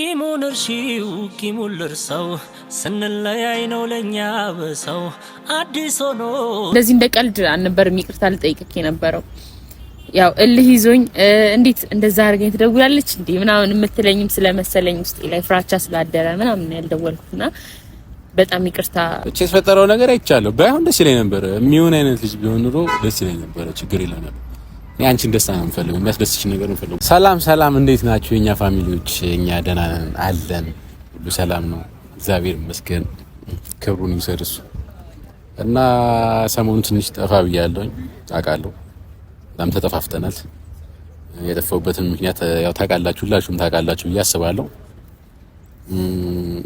ቂሙን እርሺው ቂሙን ልርሰው ስንለያይ ነው ለእኛ በሰው አዲስ ሆኖ እንደዚህ እንደ ቀልድ አልነበርም ይቅርታ ልጠይቅክ የነበረው ያው እልህ ይዞኝ እንዴት እንደዛ አድርገኝ ትደውላለች እንዴ ምናምን የምትለኝም ስለመሰለኝ ውስጤ ላይ ፍራቻ ስላደረ ምናምን ያልደወልኩትና በጣም ይቅርታ። እቺ የተፈጠረው ነገር አይቻለሁ። ባይሆን ደስ ይለኝ ነበር። የሚሆን አይነት ልጅ ቢሆን ኑሮ ደስ ይለኝ ነበረ። ችግር የለም ነበር የአንቺን ደስታ ነው የምፈልገው፣ ነገር ነው የምፈልገው። ሰላም ሰላም፣ እንዴት ናችሁ የእኛ ፋሚሊዎች? እኛ ደህና ነን አለን፣ ሁሉ ሰላም ነው እግዚአብሔር ይመስገን፣ ክብሩን ይውሰድ እሱ። እና ሰሞኑ ትንሽ ጠፋ ብያለሁኝ አውቃለሁ፣ በጣም ተጠፋፍጠናል። የጠፋሁበትን ምክንያት ያው ታውቃላችሁ፣ ሁላችሁም ታውቃላችሁ ብዬ አስባለሁ።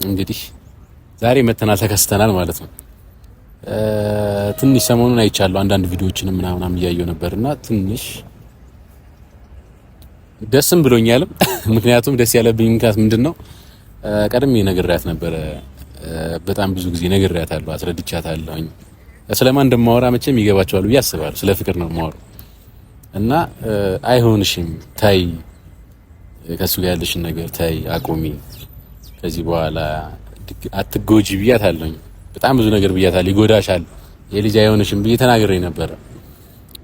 እንግዲህ ዛሬ መተናል ተከስተናል ማለት ነው ትንሽ ሰሞኑን አይቻለሁ አንዳንድ ቪዲዮዎችን ምናምናም እያየው ነበር ትንሽ ደስም ብሎኛልም። ምክንያቱም ደስ ያለብኝ ምክንያት ምንድን ነው ቀድሜ ነግሬያት ነበረ። በጣም ብዙ ጊዜ ነግሬያታለሁ፣ አስረድቻታለሁኝ። ስለማን እንደማወራ መቼም ይገባቸዋል ብዬ አስባለሁ። ስለ ፍቅር ነው የማወራው እና አይሆንሽም፣ ታይ ከሱ ጋር ያለሽን ነገር ታይ፣ አቁሚ፣ ከዚህ በኋላ አትጎጂ ብያታለሁኝ በጣም ብዙ ነገር ብያታል። ይጎዳሻል፣ የልጅ አይሆንሽም ብዬ ተናግሬ ነበረ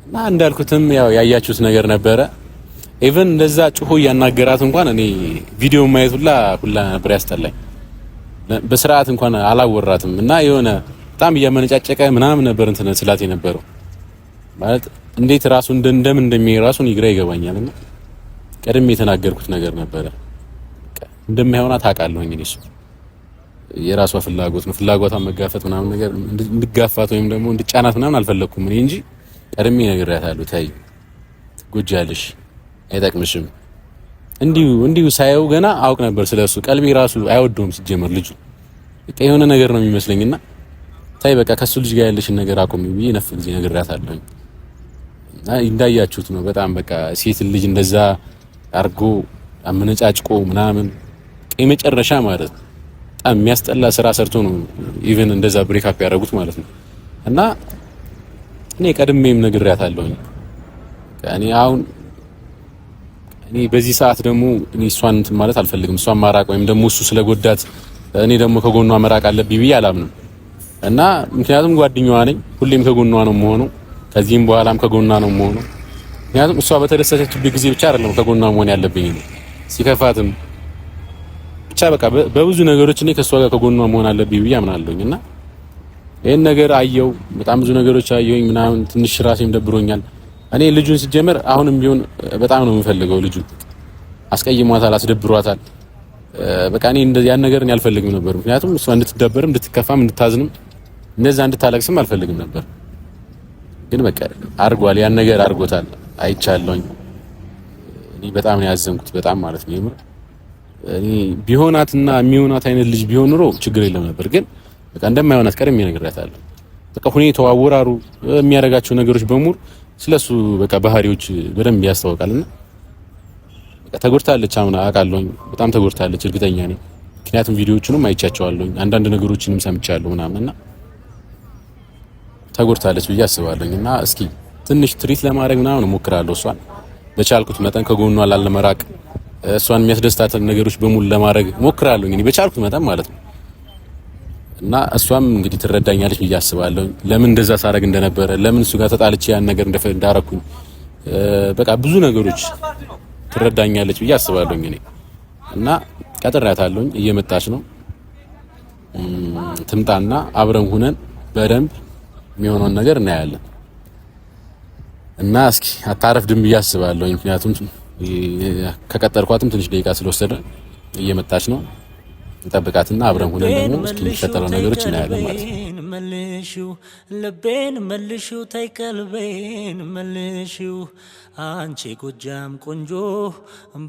እና እንዳልኩትም ያው ያያችሁት ነገር ነበረ። ኢቨን እንደዛ ጩሆ እያናገራት እንኳን እኔ ቪዲዮ ማየት ሁላ ሁላ ነበር ያስጠላኝ። በስርዓት እንኳን አላወራትም እና የሆነ በጣም እያመነጫጨቀ ምናምን ነበር እንትን ስላት የነበረው ማለት እንዴት ራሱ እንደምን እንደሚሄድ ራሱን ይግራ ይገባኛል። እና ቀድሜ የተናገርኩት ነገር ነበረ እንደማይሆና እኔ እሱ የራሷ ፍላጎት ነው። ፍላጎቷን መጋፈት ምናምን ነገር እንድጋፋት ወይም ደግሞ እንድጫናት ምናምን አልፈለኩም እኔ እንጂ ቀድሜ ነግሬያታለሁ። ታይ ጎጃልሽ አይጠቅምሽም። እንዲሁ እንዲሁ ሳየው ገና አውቅ ነበር ስለሱ። ቀልቤ ራሱ አይወደውም ሲጀመር ልጁ በቃ የሆነ ነገር ነው የሚመስለኝና ታይ በቃ ከሱ ልጅ ጋር ያለሽን ነገር አቁሚ ብዬ ነፍ ጊዜ ነግሬያታለሁ። እና እንዳያችሁት ነው በጣም በቃ ሴት ልጅ እንደዛ አርጎ አመነጫጭቆ ምናምን የመጨረሻ ማለት ነው በጣም የሚያስጠላ ስራ ሰርቶ ነው ኢቨን እንደዛ ብሬክአፕ ያደረጉት ማለት ነው። እና እኔ ቀድሜም ነግሬያታለሁኝ። እኔ አሁን እኔ በዚህ ሰዓት ደግሞ እኔ እሷን እንትን ማለት አልፈልግም። እሷን ማራቅ ወይም ደግሞ እሱ ስለጎዳት እኔ ደግሞ ከጎኗ መራቅ አለብኝ ብዬ አላምንም። እና ምክንያቱም ጓደኛዋ ነኝ፣ ሁሌም ከጎኗ ነው መሆኑ፣ ከዚህም በኋላም ከጎኗ ነው የምሆነው። ምክንያቱም እሷ በተደሰተችበት ጊዜ ብቻ አይደለም ከጎኗ መሆን ያለብኝ ሲከፋትም በቃ በብዙ ነገሮች እኔ ከእሷ ጋር ከጎኗ መሆን አለብኝ ብዬ አምናለሁኝ እና ይህን ነገር አየው። በጣም ብዙ ነገሮች አየሁኝ ምናምን ትንሽ ራሴም ደብሮኛል። እኔ ልጁን ሲጀመር አሁንም ቢሆን በጣም ነው የምፈልገው። ልጁ አስቀይሟታል፣ አስደብሯታል። በቃ እኔ ያን ነገር እኔ አልፈልግም ነበር። ምክንያቱም እሷ እንድትደበርም፣ እንድትከፋም፣ እንድታዝንም እንደዛ እንድታለቅስም አልፈልግም ነበር። ግን በቃ አርጓል፣ ያን ነገር አርጎታል፣ አይቻለሁኝ። እኔ በጣም ነው ያዘንኩት፣ በጣም ማለት ነው ቢሆናትና የሚሆናት አይነት ልጅ ቢሆን ኑሮ ችግር የለም ነበር። ግን በቃ እንደማይሆናት ቀደም ይነግራታል። በቃ ሁኔታው፣ አወራሩ፣ የሚያደርጋቸው ነገሮች በሙሉ ስለሱ በቃ ባህሪዎች በደንብ ያስታውቃልና ተጎድታለች። አሁን አውቃለሁኝ በጣም ተጎድታለች፣ እርግጠኛ ነኝ። ምክንያቱም ቪዲዮዎቹንም አይቻቸዋለሁኝ አንዳንድ ነገሮችንም ሰምቻለሁ ምናምን እና ተጎድታለች ብዬ አስባለሁኝ። እና እስኪ ትንሽ ትሪት ለማድረግ ምናምን እሞክራለሁ እሷን በቻልኩት መጠን ከጎኗ ላለመራቅ እሷን የሚያስደስታትን ነገሮች በሙሉ ለማድረግ ሞክራለሁ እንግዲህ በቻልኩት መጠን ማለት ነው። እና እሷም እንግዲህ ትረዳኛለች ብዬ አስባለሁ። ለምን እንደዛ ሳረግ እንደነበረ ለምን እሱ ጋር ተጣልቼ ያን ነገር እንዳረኩኝ በቃ ብዙ ነገሮች ትረዳኛለች ብዬ አስባለሁ እንግዲህ እና ቀጥሬያታለሁኝ። እየመጣች ነው። ትምጣና አብረን ሁነን በደንብ የሚሆነውን ነገር እናያለን። እና እስኪ ድም ብዬ አስባለሁ ምክንያቱም ከቀጠርኳትም ትንሽ ደቂቃ ስለወሰደ እየመጣች ነው። እንጠብቃትና አብረን ሁነን ደግሞ እስኪ እስኪፈጠረው ነገሮች እናያለን ማለት ነው። መልሹ ልቤን መልሹ ተይ ቀልቤን መልሺው አንቺ ጎጃም ቆንጆ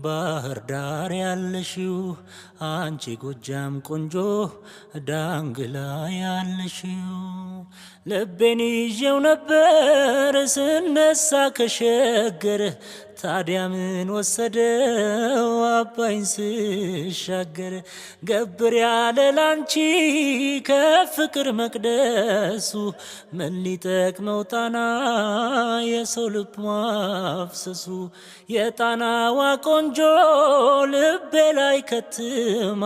ባህር ዳር ያለሽው አንቺ ጎጃም ቆንጆ ዳንግላ ያለሽው ልቤን ይዤው ነበር ስነሳ ከሸገር ታዲያ ምን ወሰደው አባይን ስሻገር ገብር ያለ ላንቺ ከፍቅር መቅደሱ ምን ሊጠቅመው ጣና የሰው ልብ ማፍሰሱ የጣናዋ ቆንጆ ልቤ ላይ ከትማ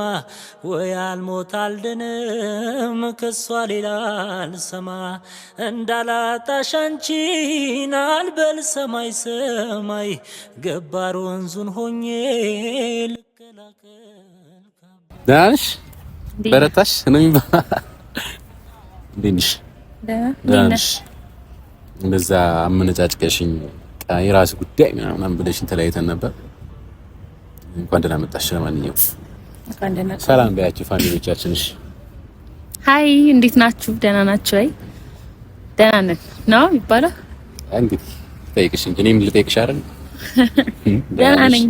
ወይ አልሞት አልድንም ከሷ ሌላ አልሰማ እንዳላጣሽ አንቺን አልበል ሰማይ ሰማይ ገባር ወንዙን ሆኜ ልከላከል። ደህና ነሽ? በረታሽ ነው የሚባለው። እንዴት እንደዛ አመነጫጭቀሽኝ የራስ ጉዳይ ምናምን ብለሽን ተለያይተን ነበር። እንኳን ደህና መጣሽ። ለማንኛውም ሰላም በያችሁ ፋሚሊዎቻችን። እሺ ሀይ፣ እንዴት ናችሁ? ደህና ናችሁ ወይ? ደህና ነን ነው ይባላል። እንግዲህ ልጠይቅሽ እንጂ እኔም ልጠይቅሽ አይደል? ደህና ነኝ።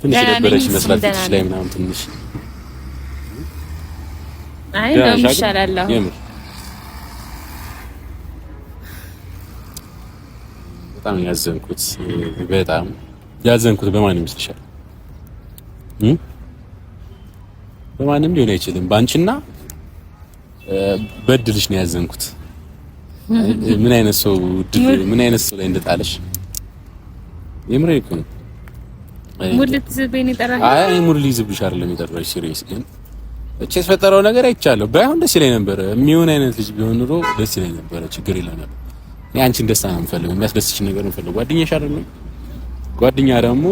ትንሽ ደበረሽ ይመስላል ትንሽ ላይ ምናምን ትንሽ አይ ነው ይሻላል። በጣም ያዘንኩት በጣም ያዘንኩት በማን ይመስልሻል? በማንም ሊሆን አይችልም። ባንቺና በድልሽ ነው ያዘንኩት። ምን አይነት ሰው ምን አይነት ሰው ላይ እንደጣለሽ የምሬ እኮ ነው። ሙድ ልትዝብኝ አይደለም የጠራሽ። ሲሪየስ ግን እቺ የተፈጠረው ነገር አይቻለሁ። ባይሆን ደስ ይለኝ ነበረ። የሚሆን አይነት ልጅ ቢሆን ኑሮ ደስ ይለኝ ነበረ። ችግር የለም ነበር። እኔ አንቺን ደስታ ነው የምፈልገው፣ የሚያስደስሽ ነገር ነው የምፈልገው። ጓደኛሽ አይደለም ጓደኛ ደግሞ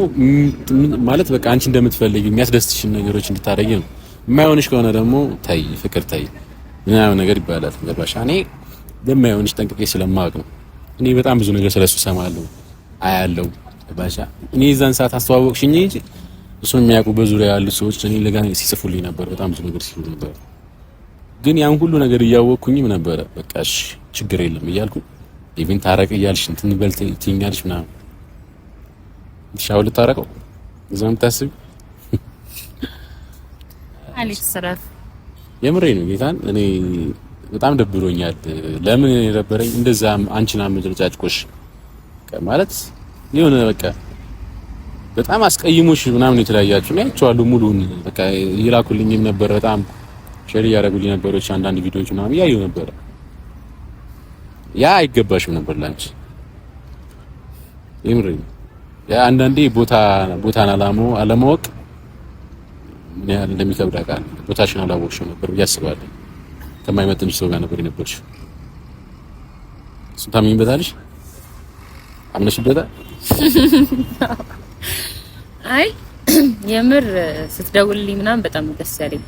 ማለት በቃ አንቺ እንደምትፈልጊ የሚያስደስትሽ ነገሮች እንድታደርጊ ነው። የማይሆንሽ ከሆነ ደግሞ ታይ ፍቅር ታይ ምናምን ነገር ይባላል። ገባሽ እኔ እንደማይሆንሽ ጠንቅቄ ስለማወቅ ነው። እኔ በጣም ብዙ ነገር ስለሱ እሰማለሁ፣ አያለው። ባሻ እኔ የዛን ሰዓት አስተዋወቅሽኝ እንጂ እሱ የሚያውቁ በዙሪያ ያሉ ሰዎች እኔ ለጋ ሲጽፉልኝ ነበር፣ በጣም ብዙ ነገር ሲሉ ነበር። ግን ያን ሁሉ ነገር እያወቅኩኝም ነበረ። በቃ እሺ ችግር የለም እያልኩ ኢቭን ታረቅ እያልሽ እንትን በል ትይኛለሽ ምናምን ሻው ልታረቀው እዛ የምታስብ አሌክስ ሰራፍ የምሬ ነው ጌታን እኔ በጣም ደብሮኛል። ለምን የነበረኝ እንደዛ አንቺና ምድርጫጭቆሽ ማለት የሆነ በቃ በጣም አስቀይሞሽ ምናምን የተለያያችሁ ነው ያቸዋለሁ። ሙሉውን በቃ እየላኩልኝም ነበር በጣም ሼር እያደረጉልኝ ነበሮች አንዳንድ ቪዲዮዎች ምናምን እያየሁ ነበረ። ያ አይገባሽም ነበር ላንቺ ይምሪ። ያ አንዳንዴ ቦታ ቦታን አለማወቅ ምን ያህል እንደሚከብድ አውቃለሁ። ቦታሽን አላወቅሽም ነበር ብዬ አስባለሁ። ከማይመጥንሽ ሰው ጋር ነበር የነበርሽ። እሱን ታምኝበታለሽ? አምነሽበታል? አይ የምር ስትደውልልኝ ምናምን በጣም ደስ ያለኝ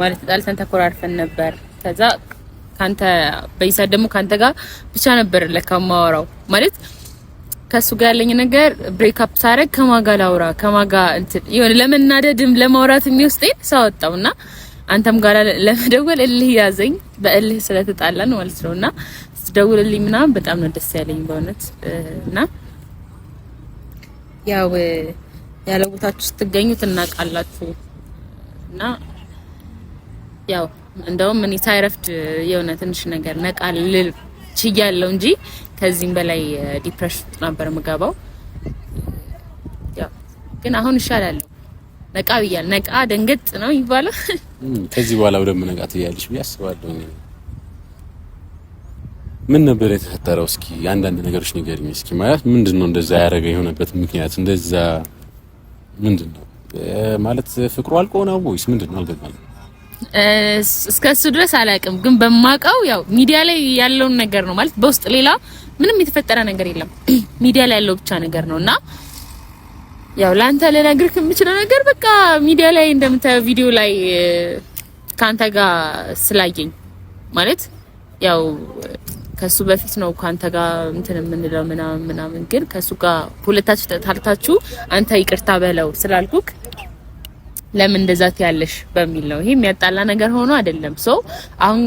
ማለት ጣልተን ተኮራርፈን ነበር። ከዛ ካንተ በይሳ ደግሞ ካንተ ጋር ብቻ ነበር ለካ ማወራው ማለት ከሱ ጋር ያለኝ ነገር ብሬክ አፕ ሳረግ ከማጋ ላውራ ከማጋ እንትን የሆነ ለመናደድም ለማውራት የሚወስደኝ ሰው አወጣውና አንተም ጋር ለመደወል እልህ ያዘኝ። በእልህ ስለተጣላን ማለት ነው እና ስትደውልልኝ ምናምን በጣም ነው ደስ ያለኝ በእውነት እና ያው ያለ ቦታችሁ ስትገኙ ትናቃላችሁ እና ያው እንደውም እኔ ሳይረፍድ የሆነ ትንሽ ነገር ነቃ ልል ችያለሁ እንጂ ከዚህም በላይ ዲፕሬሽን ነበር የምገባው። ያው ግን አሁን ይሻላለሁ። ነቃ ብያል። ነቃ ደንገጥ ነው ይባላል። ከዚህ በኋላ ወደ መነቃት እያለሽ ብዬ አስባለሁ። ምን ነበር የተፈጠረው? እስኪ አንዳንድ ነገሮች ንገሪኝ እስኪ። ማለት ምንድን ነው እንደዛ ያደረገ የሆነበት ምክንያት እንደዛ ምንድን ነው ማለት? ፍቅሩ አልቆ ነው ወይስ ምንድን ነው? አልገባኝም። እስከ እሱ ድረስ አላውቅም፣ ግን በማውቀው ያው ሚዲያ ላይ ያለውን ነገር ነው ማለት። በውስጥ ሌላ ምንም የተፈጠረ ነገር የለም። ሚዲያ ላይ ያለው ብቻ ነገር ነውና ያው ለአንተ ልነግርህ የምችለው ነገር በቃ ሚዲያ ላይ እንደምታየው ቪዲዮ ላይ ከአንተ ጋር ስላየኝ ማለት ያው ከሱ በፊት ነው ከአንተ ጋር እንትን የምንለው ምናምን ምናምን፣ ግን ከሱ ጋር ሁለታችሁ ተጣልታችሁ አንተ ይቅርታ በለው ስላልኩክ ለምን እንደዛት ያለሽ በሚል ነው። ይሄ የሚያጣላ ነገር ሆኖ አይደለም። ሶ አሁን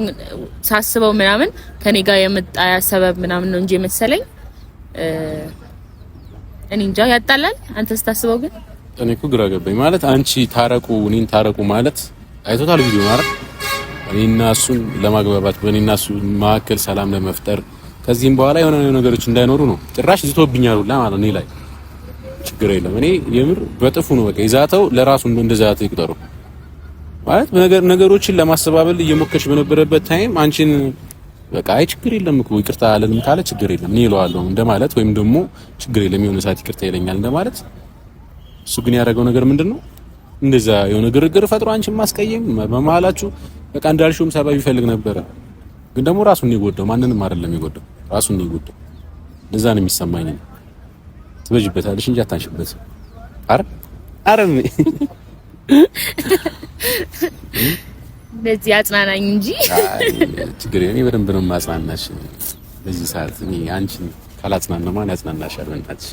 ሳስበው ምናምን ከኔ ጋር የመጣያ ሰበብ ምናምን ነው እንጂ የመሰለኝ እኔ እንጃ ያጣላል። አንተ ስታስበው ግን እኔ እኮ ግራ ገባኝ። ማለት አንቺ ታረቁ እኔን ታረቁ ማለት አይቶታል ቪዲዮ ማረ እኔና እሱን ለማግባባት በእኔና እሱ መካከል ሰላም ለመፍጠር ከዚህም በኋላ የሆነ ነገሮች እንዳይኖሩ ነው። ጭራሽ ዝቶብኛል ሁላ ማለት እኔ ላይ ችግር የለም። እኔ የምር በጥፉ ነው በቃ ይዛተው ለራሱ እንደዛ ያተው ይቁጠሩ ማለት ነገሮችን ለማስተባበል እየሞከሽ በነበረበት ታይም አንቺን በቃ አይ ችግር የለም እኮ ይቅርታ አለንም ካለ ችግር የለም እኔ እለዋለሁ እንደማለት ወይም ደግሞ ችግር የለም የሆነ ሰዓት ይቅርታ ይለኛል እንደማለት። እሱ ግን ያደረገው ነገር ምንድን ነው? እንደዛ የሆነ ግርግር ፈጥሮ አንቺን ማስቀየም በመሀላችሁ በቃ እንዳልሽውም ሰበብ ይፈልግ ነበረ። ግን ደግሞ ራሱን ነው የጎዳው፣ ማንንም አይደለም የጎዳው፣ ራሱን ነው የጎዳው። እንደዛ ነው የሚሰማኝ። ትበጅበታለሽ እንጂ አታንሽበት። አረ አረ ለዚህ አጽናናኝ እንጂ ችግር እኔ በደንብ ነው የማጽናናሽ። በዚህ ሰዓት እኔ አንቺን ካላጽናና ማን ያጽናናሻል? በእናትሽ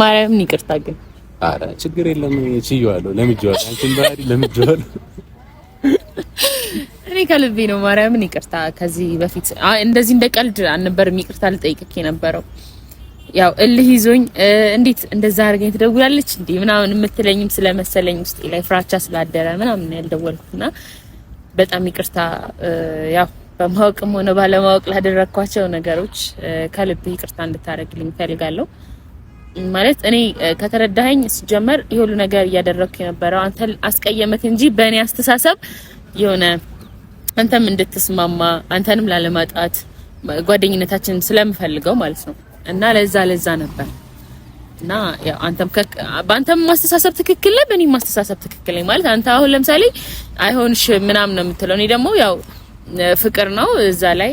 ማርያምን ይቅርታ። ግን ኧረ ችግር የለም ችዬዋለሁ፣ ለምጄዋለሁ፣ አንቺን ባህሪ ለምጄዋለሁ። እኔ ከልቤ ነው ማርያምን ይቅርታ። ከዚህ በፊት እንደዚህ እንደ ቀልድ አልነበረም ይቅርታ ልጠይቅህ የነበረው ያው እልህ ይዞኝ እንዴት እንደዛ አድርገኝ ትደውላለች እንዴ ምናምን የምትለኝም ስለመሰለኝ ውስጤ ላይ ፍራቻ ስላደረ ምናምን ያልደወልኩትና በጣም ይቅርታ ያው በማወቅም ሆነ ባለማወቅ ላደረግኳቸው ነገሮች ከልብ ይቅርታ እንድታደርግልኝ እፈልጋለሁ። ማለት እኔ ከተረዳኸኝ ሲጀመር የሁሉ ነገር እያደረግኩ የነበረው አንተ አስቀየመት እንጂ በእኔ አስተሳሰብ የሆነ አንተም እንድትስማማ አንተንም ላለማጣት ጓደኝነታችን ስለምፈልገው ማለት ነው እና ለዛ ለዛ ነበር እና አንተም በአንተም ማስተሳሰብ ትክክል ነህ፣ በእኔም ማስተሳሰብ ትክክል ነኝ ማለት አንተ አሁን ለምሳሌ አይሆንሽ ምናምን ነው የምትለው፣ እኔ ደግሞ ያው ፍቅር ነው እዛ ላይ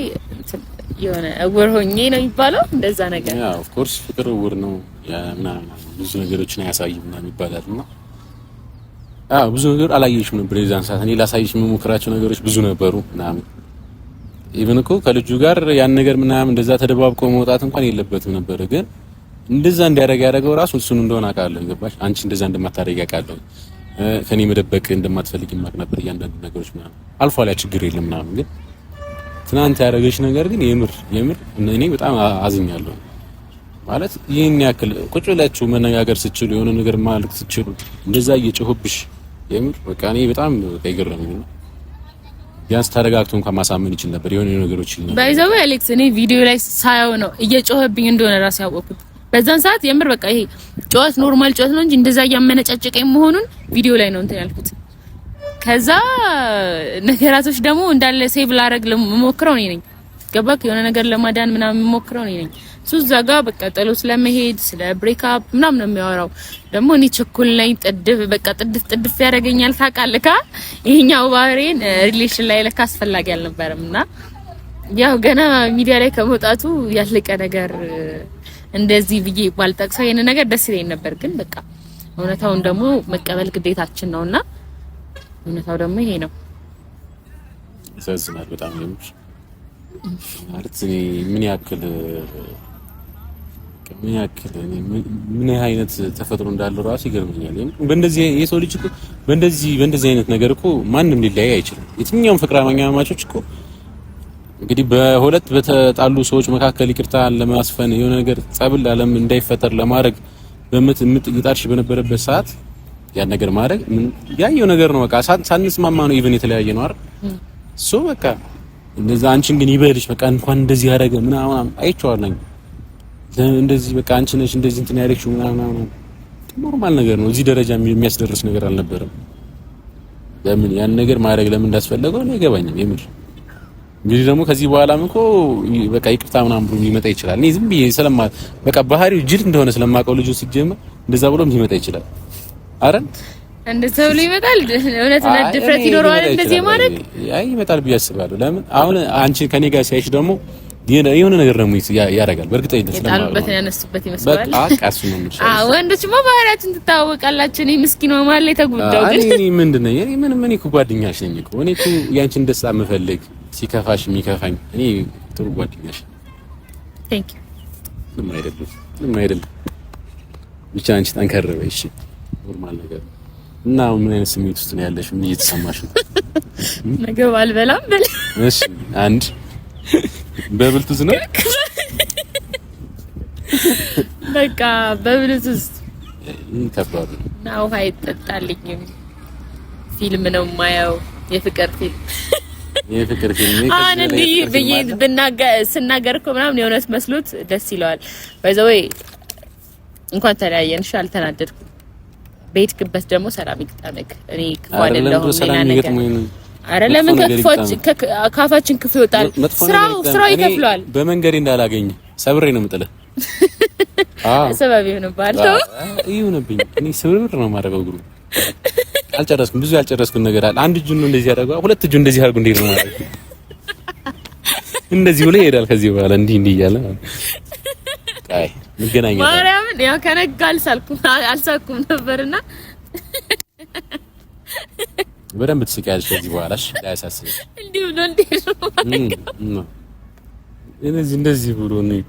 የሆነ እውር ሆኜ ነው የሚባለው እንደዛ ነገር። ያው ኦፍ ኮርስ ፍቅር እውር ነው ምናምን ብዙ ነገሮችን አያሳይም ምናምን ይባላል እና አዎ ብዙ ነገር አላየሽም ነበር የዛን ሰዓት። እኔ ላሳይሽ የምሞክራቸው ነገሮች ብዙ ነበሩ ምናምን ኢቭን እኮ ከልጁ ጋር ያን ነገር ምናምን እንደዛ ተደባብቆ መውጣት እንኳን የለበትም ነበር። ግን እንደዛ እንዲያደርግ ያደረገው ራሱ እሱን እንደሆነ አውቃለሁ። ገባሽ? አንቺ እንደዛ እንደማታደርግ አውቃለሁ። ከኔ መደበቅ እንደማትፈልግ ማውቅ ነበር። እያንዳንዱ ነገሮች ምናምን አልፎ ላይ ችግር የለም ምናምን። ግን ትናንት ያደረገች ነገር ግን የምር የምር እኔ በጣም አዝኛለሁ። ማለት ይህን ያክል ቁጭ ብላችሁ መነጋገር ስችሉ የሆነ ነገር ማልክ ስችሉ እንደዛ እየጮህብሽ የምር በቃ እኔ በጣም በቃ ይገረመኝ ነው ቢያንስ ተረጋግቶ እንኳን ማሳመን ይችል ነበር። የሆነ ነገሮች ይችላል። ባይዘው አሌክስ፣ እኔ ቪዲዮ ላይ ሳየው ነው እየጮህብኝ እንደሆነ ራሴ ያወቅኩት። በዛን ሰዓት የምር በቃ ይሄ ጮት ኖርማል ጮት ነው እንጂ እንደዛ እያመነጫጨቀኝ መሆኑን ቪዲዮ ላይ ነው እንትን ያልኩት። ከዛ ነገራቶች ደግሞ እንዳለ ሴቭ ላረግ ለሞክረው እኔ ነኝ። ገባክ? የሆነ ነገር ለማዳን ምናምን የምሞክረው እኔ ነኝ። ሶ እዛ ጋ በቃ ጥሎ ስለመሄድ ስለ ብሬክአፕ ምናምን ነው የሚያወራው። ደግሞ እኔ ችኩል ላይ ጥድፍ በቃ ጥድፍ ጥድፍ ያደርገኛል። ታውቃለህ ይሄኛው ባህሪን ሪሌሽን ላይ ለካ አስፈላጊ አልነበረም እና ያው ገና ሚዲያ ላይ ከመውጣቱ ያለቀ ነገር እንደዚህ ብዬ ባልጠቅሰው ይሄን ነገር ደስ ይለኝ ነበር፣ ግን በቃ እውነታውን ደግሞ መቀበል ግዴታችን ነውና እውነታው ደግሞ ይሄ ነው። ያሳዝናል በጣም ማለት ምን ያክል ምን ያክል ምን አይነት ተፈጥሮ እንዳለው ራሱ ይገርመኛል። በእንደዚህ የሰው ልጅ እኮ በእንደዚህ በእንደዚህ አይነት ነገር እኮ ማንም ሊለያይ አይችልም። የትኛውም ፍቅረኛ ማቾች እኮ እንግዲህ በሁለት በተጣሉ ሰዎች መካከል ይቅርታ ለማስፈን የሆነ ነገር ጸብል አለም እንዳይፈጠር ለማድረግ ይጣርሽ በነበረበት ሰዓት ያን ነገር ማድረግ ያየው ነገር ነው። በቃ ሳንስማማ ነው ኢቭን የተለያየ ነው አይደል? እሱ በቃ እንደዛ አንቺን ግን ይበልሽ በቃ እንኳን እንደዚህ ያደረገ ምናምን አይቼዋለሁ እንደዚህ በቃ አንቺ ነሽ እንደዚህ እንትን ያደረግሽው ምናምን ኖርማል ነገር ነው። እዚህ ደረጃ የሚያስደርስ ነገር አልነበረም። ለምን ያን ነገር ማድረግ ለምን እንዳስፈለገው እኔ አይገባኝም። የምር እንግዲህ ደግሞ ከዚህ በኋላም እኮ በቃ ይቅርታ ምናምን ብሎ ሊመጣ ይችላል። እኔ ዝም ብዬ ስለማ በቃ ባህሪው ጅል እንደሆነ ስለማውቀው ልጁ ሲጀምር እንደዛ ብሎም ሊመጣ ይችላል። አረን እንደዛ ብሎ ይመጣል። እውነት ነው ድፍረት ይኖረዋል እንደዚህ ማድረግ። አይ ይመጣል ብዬ አስባለሁ። ለምን አሁን አንቺ ከኔ ጋር ሲያይሽ ደግሞ የሆነ ነገር ደግሞ ያደርጋል። በእርግጠኝነት የጣሉበትን ያነሱበት ይመስላል። ወንዶችማ ባህሪያችን ትታወቃላችሁ። እኔ ምስኪን ማለት የተጎዳው ግን እኔ ምንድን ነኝ? እኔ ምን ምን እኮ ጓደኛሽ ነኝ እኮ እኔ እኮ ያንቺን ደስታ የምፈልግ ሲከፋሽ የሚከፋኝ እኔ ጥሩ ጓደኛሽ። ቴንክ ዩ። ምንም አይደለም፣ ምንም አይደለም። ብቻ አንቺ ጠንከር በይ እሺ። ኖርማል ነገር እና ምን አይነት ስሜት ውስጥ ነው ያለሽ? ምን እየተሰማሽ ነው? ምግብ አልበላም በል። እሺ አንድ በብልቱዝ ነው በቃ በብልቱዝ ከባድ ነው። ውሃ አይጠጣልኝም። ፊልም ነው የማየው፣ የፍቅር ፊልም የፍቅር ፊልም። አሁን እንዲህ ብዬ ስናገር እኮ ምናምን የእውነት መስሎት ደስ ይለዋል። ባይዘወይ እንኳን ተለያየን። እሺ አልተናደድኩም። በሄድክበት ደግሞ ሰላም ይግጠምክ። እኔ ክፉ አይደለሁም ሌላ ነገር አረ ለምን ከክፎች ካፋችን ክፉ ይወጣል? ስራው ስራው ይከፍለዋል። በመንገዴ እንዳላገኝ ሰብሬ ነው የምጥልህ። ሰበብ ይሁንብሃል። ተው ይሁንብኝ። እኔ ስብርብር ነው የማደርገው። እግሩ አልጨረስኩም። ብዙ ያልጨረስኩት ነገር አለ። አንድ እጁን ነው እንደዚህ ያደርገው፣ ሁለት እጁን እንደዚህ አድርጎ እንዴት ነው ማለት እንደዚህ ብሎ ይሄዳል። ከዚህ በኋላ እንዲህ እንዲህ እያለ አይ ምገናኝ ማርያምን ያው ከነጋ አልሳልኩም አልሳኩም ነበርና በደንብ ትስቂያለሽ ከዚህ በኋላሽ እንዳያሳስብሽ። እንዲሁ ነው እንዴት ነው እንደዚህ እንደዚህ ብሎ ነው።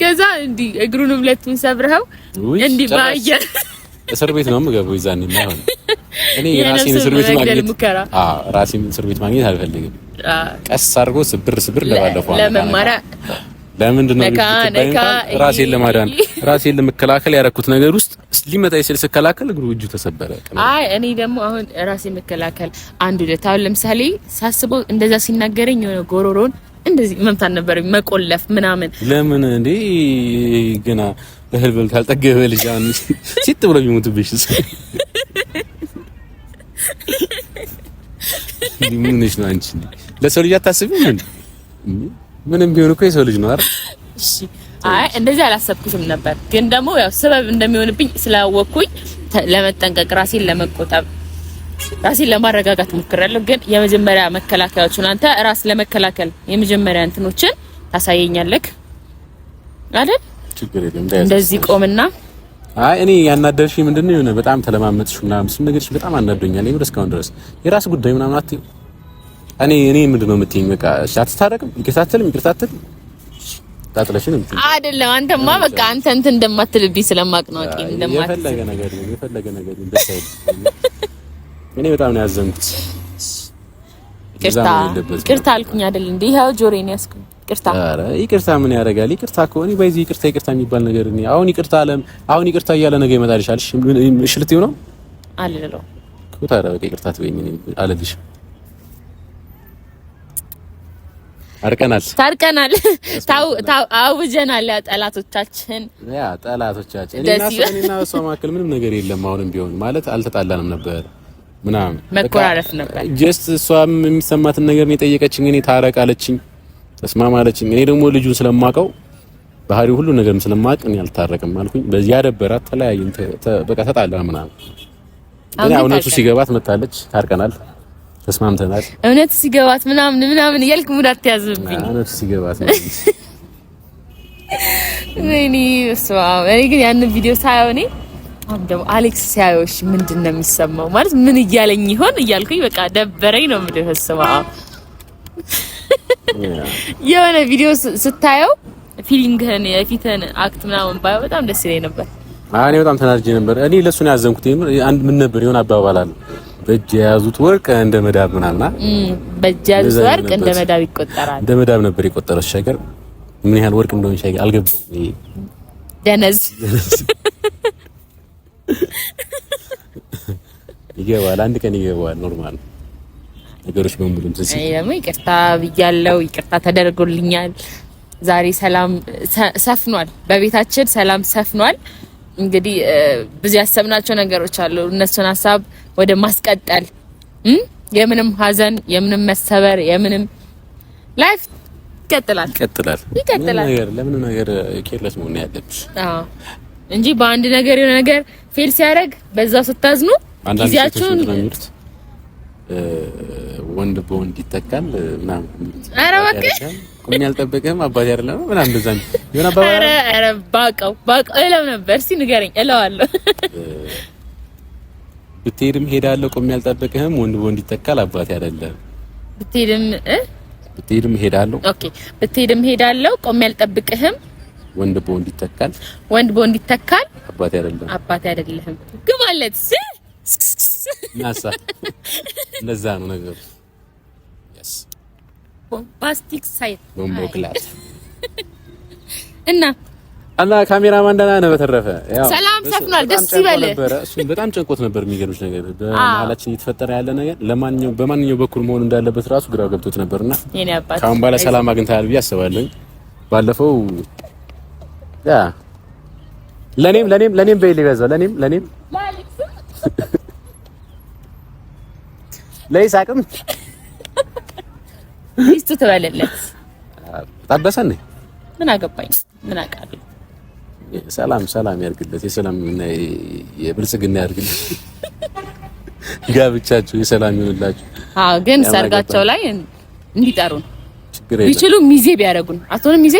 ከዛ እንዲህ እግሩን ሁለቱን ሰብረኸው እንዲህ በአየር እስር ቤት ነው የምገባው። ይዛኔ የማይሆን እኔ ራሴን እስር ቤት ማግኘት አ ራሴን እስር ቤት ማግኘት አልፈልግም። ቀስ አድርጎ ስብር ስብር ለባለፈው ለመማሪያ ለምንድን ነው ራሴን ለማዳን ራሴን ለመከላከል ያደረኩት ነገር ውስጥ ሊመጣ ሲል ስከላከል እግሩ እጁ ተሰበረ። አይ እኔ ደግሞ አሁን ራሴ መከላከል አንድ ሁለት አሁን ለምሳሌ ሳስበው እንደዛ ሲናገረኝ የሆነ ጎሮሮን እንደዚህ መምታት ነበር መቆለፍ ምናምን። ለምን እንዴ ገና እህል በል ካልጠገበ ልጅ አሁን ሲጥ ብሎ ቢሞትብሽ ምንሽ ነው አንቺ? ለሰው ልጅ አታስቢም? ምንም ቢሆን እኮ የሰው ልጅ ነው አይደል? እሺ አይ እንደዚህ አላሰብኩትም ነበር፣ ግን ደግሞ ያው ሰበብ እንደሚሆንብኝ ስላወቅኩኝ ለመጠንቀቅ ራሴን ለመቆጠብ ራሴን ለማረጋጋት ሞክራለሁ። ግን የመጀመሪያ መከላከያዎችን አንተ ራስ ለመከላከል የመጀመሪያ እንትኖችን ታሳየኛለህ አይደል? ችግር የለም እንደዚህ ቆምና። አይ እኔ ያናደርሽ ምንድነው የሆነ በጣም ተለማመጥሽ ምናምን እሱን ነገርሽ በጣም አናዶኛል። ይሄ እስካሁን ድረስ የራስ ጉዳይ ምናምን አትይው። እኔ እኔ ምንድነው የምትይኝ? በቃ አትታረቅም፣ ይቅርታ አትልም፣ ይቅርታ አትልም ታጥለሽን እንት አይደለም። አንተማ በቃ አንተ እንት እንደማትልብኝ ስለማቅ ነው አቂ እንደማትል የፈለገ ነገር ነው የፈለገ ነገር ደስ አይልም። እኔ በጣም ነው ያዘንኩት። ቅርታ ቅርታ አልኩኝ አይደል እንዴ? ይሄው ጆሮዬን ያስኩኝ። ቅርታ ኧረ ይቅርታ ምን ያደርጋል? ይቅርታ ከሆነ በዚህ ይቅርታ ይቅርታ የሚባል ነገር እኔ አሁን ይቅርታ አለም አሁን ይቅርታ እያለ ነገ ይመጣልሻል። እሺ ልትይው ነው አልልለው። ይቅርታ በቃ ይቅርታ ትበይኝ አለልሽ አርቀናል ታርቀናል፣ አውጀናል። ያ ጠላቶቻችን ያ ጠላቶቻችን እኔና እሷ መካከል ምንም ነገር የለም። አሁንም ቢሆን ማለት አልተጣላንም ነበር ምናምን መኮራረፍ ነበር። ጀስት እሷም የሚሰማትን ነገር ነው የጠየቀችኝ። እኔ ታረቅ አለችኝ፣ ተስማማ አለችኝ። እኔ ደግሞ ልጁን ስለማውቀው ባህሪው ሁሉ ነገርም ስለማውቅ እኔ አልታረቅም አልኩኝ። በዚህ ደበራት፣ ተለያየን፣ በቃ ተጣላ ምናምን። እኔ እውነቱ ሲገባት መታለች፣ ታርቀናል ተስማምተናል። እውነት ሲገባት ምናምን ምናምን እያልክ ሙድ አትያዝብኝ። እውነት ሲገባት ነው። እኔ ስማ፣ ግን ያንን ቪዲዮ ሳየው እኔ ደግሞ አሌክስ ሲያዮሽ ምንድን ነው የሚሰማው? ማለት ምን እያለኝ ይሆን እያልኩኝ በቃ ደበረኝ ነው የምልህ። ስማ የሆነ ቪዲዮ ስታየው ፊሊንግህን የፊትህን አክት ምናምን ባየው በጣም ደስ ይለኝ ነበር። እኔ በጣም ተናድጄ ነበር። እኔ ለእሱ ነው ያዘንኩት። ምን ነበር የሆነ አባባል አለ በእጅ የያዙት ወርቅ እንደ መዳብ ምናምና በእጅ የያዙት ወርቅ እንደ መዳብ ይቆጠራል። እንደ መዳብ ነበር የቆጠረው ሸገር። ምን ያህል ወርቅ እንደሆነ ሸገር አልገባውም። ደነዝ ይገባል። አንድ ቀን ይገባል። ኖርማል ነገሮች በሙሉ እንትን ይቅርታ ብያለው። ይቅርታ ተደርጎልኛል። ዛሬ ሰላም ሰፍኗል። በቤታችን ሰላም ሰፍኗል። እንግዲህ ብዙ ያሰብናቸው ነገሮች አሉ። እነሱን ሀሳብ ወደ ማስቀጠል የምንም ሀዘን የምንም መሰበር የምንም ላይፍ ይቀጥላል ይቀጥላል ይቀጥላል። ለምን ነገር ኬርለስ መሆን ያለብሽ? አዎ እንጂ በአንድ ነገር የሆነ ነገር ፌል ሲያደርግ በዛው ስታዝኑ ጊዜያችሁን ወንድ በወንድ ይተካል ምናምን የሚሉት ኧረ እባክህ ቁም ያልጠበቀም አባቴ አይደለም ምናምን እንደዛ ነው የሆነ አባባል ኧረ ኧረ ባቀው ባቀው እለው ነበር። እስኪ ንገረኝ እለዋለሁ ብትሄድም ሄዳለሁ ቆሜ አልጠብቅህም። ወንድ ወንድ ይተካል አባቴ አይደለም። ብትሄድም እ ብትሄድም ሄዳለሁ ኦኬ። ብትሄድም ሄዳለሁ ቆሜ አልጠብቅህም። ወንድ በወንድ ይተካል ወንድ በወንድ ይተካል አባቴ አይደለም። አባቴ አይደለም ግማለት ናሳ እንደዛ ነው ነገሩ። ያስ ቦምባስቲክ ሳይት ቦምቦክላት እና እና ካሜራማን ደህና ነው። በተረፈ ሰላም ሰፍኗል። ደስ ይበል። እሱም በጣም ጨንቆት ነበር። የሚገርምሽ ነገር በመሀላችን እየተፈጠረ ያለ ነገር ለማንኛውም በማንኛው በኩል መሆን እንዳለበት ራሱ ግራ ገብቶት ነበርና ካሁን በኋላ ሰላም አግኝተሃል ብዬ አስባለሁ። ባለፈው ያ ለኔም ለኔም ለኔም በይል ይበዛው ለኔም ለኔም ለይሳቅም ሚስቱ ትበልለት ታበሰን ምን አገባኝ ምን አውቃለሁ ሰላም ሰላም ያርግለት፣ የሰላምና የብልጽግና ያርግለት፣ ጋብቻችሁ የሰላም ይሁንላችሁ። አዎ፣ ግን ሰርጋቸው ላይ እንዲጠሩን ቢችሉ ሚዜ ቢያደርጉን። አቶን ሚዜ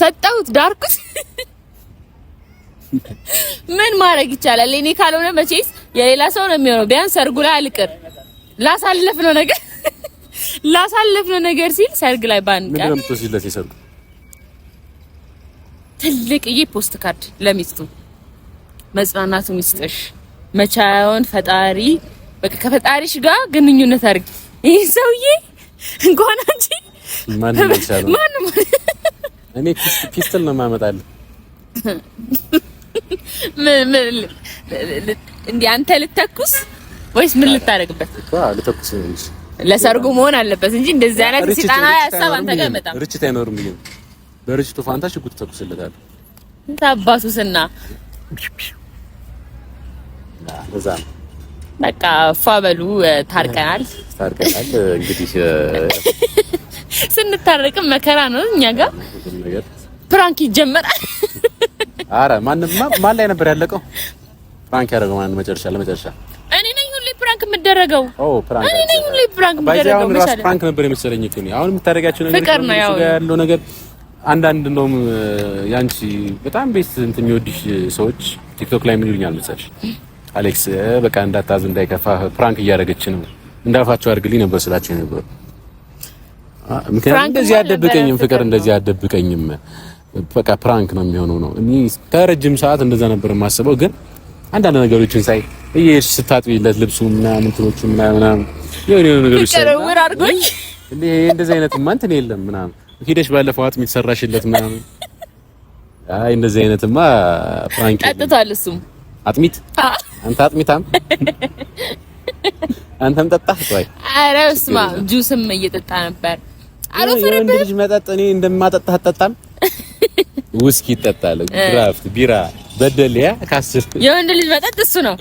ሰጠሁት ዳርኩት። ምን ማድረግ ይቻላል? እኔ ካልሆነ መቼስ የሌላ ሰው ነው የሚሆነው። ቢያንስ ሰርጉ ላይ አልቅር ላሳለፍ ነው ነገር ላሳለፍ ነው ነገር ሲል ሰርግ ላይ ባንቀር ምንም ትልቅዬ ፖስት ካርድ ለሚስቱ መጽናናቱ ሚስጥሽ መቻያውን ፈጣሪ በቃ ከፈጣሪሽ ጋር ግንኙነት አድርጊ። ይህ ሰውዬ እንኳን አንቺ ማን ማንም እኔ ፒስትል ነው ማመጣል እንዲህ አንተ ልተኩስ ወይስ ምን ልታደርግበት? ልተኩስ ለሰርጉ መሆን አለበት እንጂ እንደዚህ አይነት ሲጣና ያሳብ አንተ ጋር መጣ ርችት አይኖርም። ይሄ በርስቱ ፋንታ ሽጉጥ ተኩስለታል። ታባሱስና ለዛ በቃ ፏበሉ ታርቀናል። ታርቀናል እንግዲህ ስንታረቅም መከራ ነው። እኛ ጋር ፕራንክ ይጀመራል። አረ ማን ማን ላይ ነበር ያለቀው? ፕራንክ ያደረገው ማን? መጨረሻ ለመጨረሻ እኔ ነኝ ሁሌ ፕራንክ የምደረገው። ኦ ፕራንክ እኔ ነኝ ሁሌ ፕራንክ የምደረገው። ፕራንክ ነበር የመሰለኝ አሁን የምታደርጋቸው ነገር ነው ያለው ነገር አንዳንድ እንደውም ያንቺ በጣም ቤት እንትን የሚወድሽ ሰዎች ቲክቶክ ላይ ምን ይሉኛል መሰለሽ፣ አሌክስ በቃ እንዳታዝ እንዳይከፋ ፕራንክ እያደረገች ነው እንዳልፋቸው አድርግልኝ ነበር ስላቸው የነበሩ ምክንያቱም እንደዚህ አደብቀኝም ፍቅር እንደዚህ አደብቀኝም በቃ ፕራንክ ነው የሚሆነው ነው። እኔ ከረጅም ሰዓት እንደዛ ነበር የማስበው፣ ግን አንዳንድ ነገሮችን ሳይ እየሄድሽ ስታጥቢለት ልብሱ ምናምን እንትኖቹ ምናምን ምናምን የሆነ ነገሮች ሳይ እንደዚህ አይነት ማንትን የለም ምናምን ሂደሽ ባለፈው አጥሚት ሰራሽለት ምናምን። አይ እንደዚህ አይነትማ ፍራንክ ጠጥቷል። እሱም አጥሚት አንተ አጥሚታም አንተም ጠጣህ። ቆይ ኧረ ስማ ጁስም እየጠጣ ነበር። አልወፈረብህም? ልጅ መጠጥ እኔ እንደማጠጣህ አጠጣም። ውስኪ ይጠጣል፣ ድራፍት ቢራ፣ በደልያ ካስር የወንድ ልጅ መጠጥ እሱ ነው።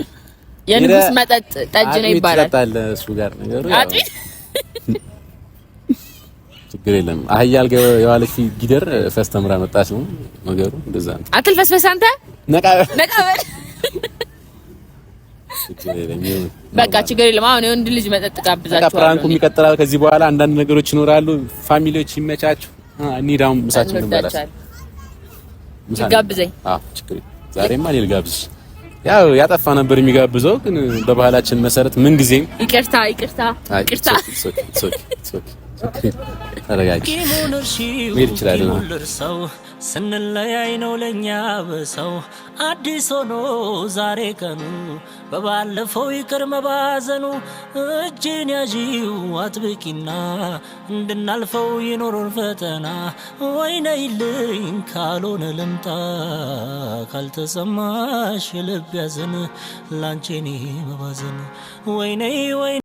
የንጉስ መጠጥ ጠጅ ነው ይባላል። አጥሚት ይጠጣል እሱ ጋር ነገሩ ችግር የለም። አህያ አልጋ የዋለች ጊደር ፈስተምራ መጣች ነው ነገሩ። እንደዛ ነው። አትልፈስፈስ አንተ ነቃ ነቃ በቃ ችግር የለም። አሁን የወንድ ልጅ መጠጥ ጋብዛችኋለሁ። ፕራንኩም ይቀጥላል። ከዚህ በኋላ አንዳንድ ነገሮች ይኖራሉ። ፋሚሊዎች ይመቻችሁ። እንሂድ አሁን ምሳችን እንበላሽ። ጋብዘኝ። አዎ ችግር ዛሬማ እኔ ልጋብዝሽ። ያው ያጠፋ ነበር የሚጋብዘው፣ ግን በባህላችን መሰረት ምን ጊዜም ይቅርታ ይቅርታ ይቅርታ ተረጋጊ መሄድ ይችላል። ሰው ስንለያይ ነው ለእኛ በሰው አዲስ ሆኖ ዛሬ ቀኑ በባለፈው ይቅር መባዘኑ እጅን ያዢው አጥብቂና እንድናልፈው ይኖሮን ፈተና ወይነይልኝ ካልሆነ ልምጣ ካልተሰማሽ ልብ ያዘን ላንቼኔ መባዘን ወይነይ ወይ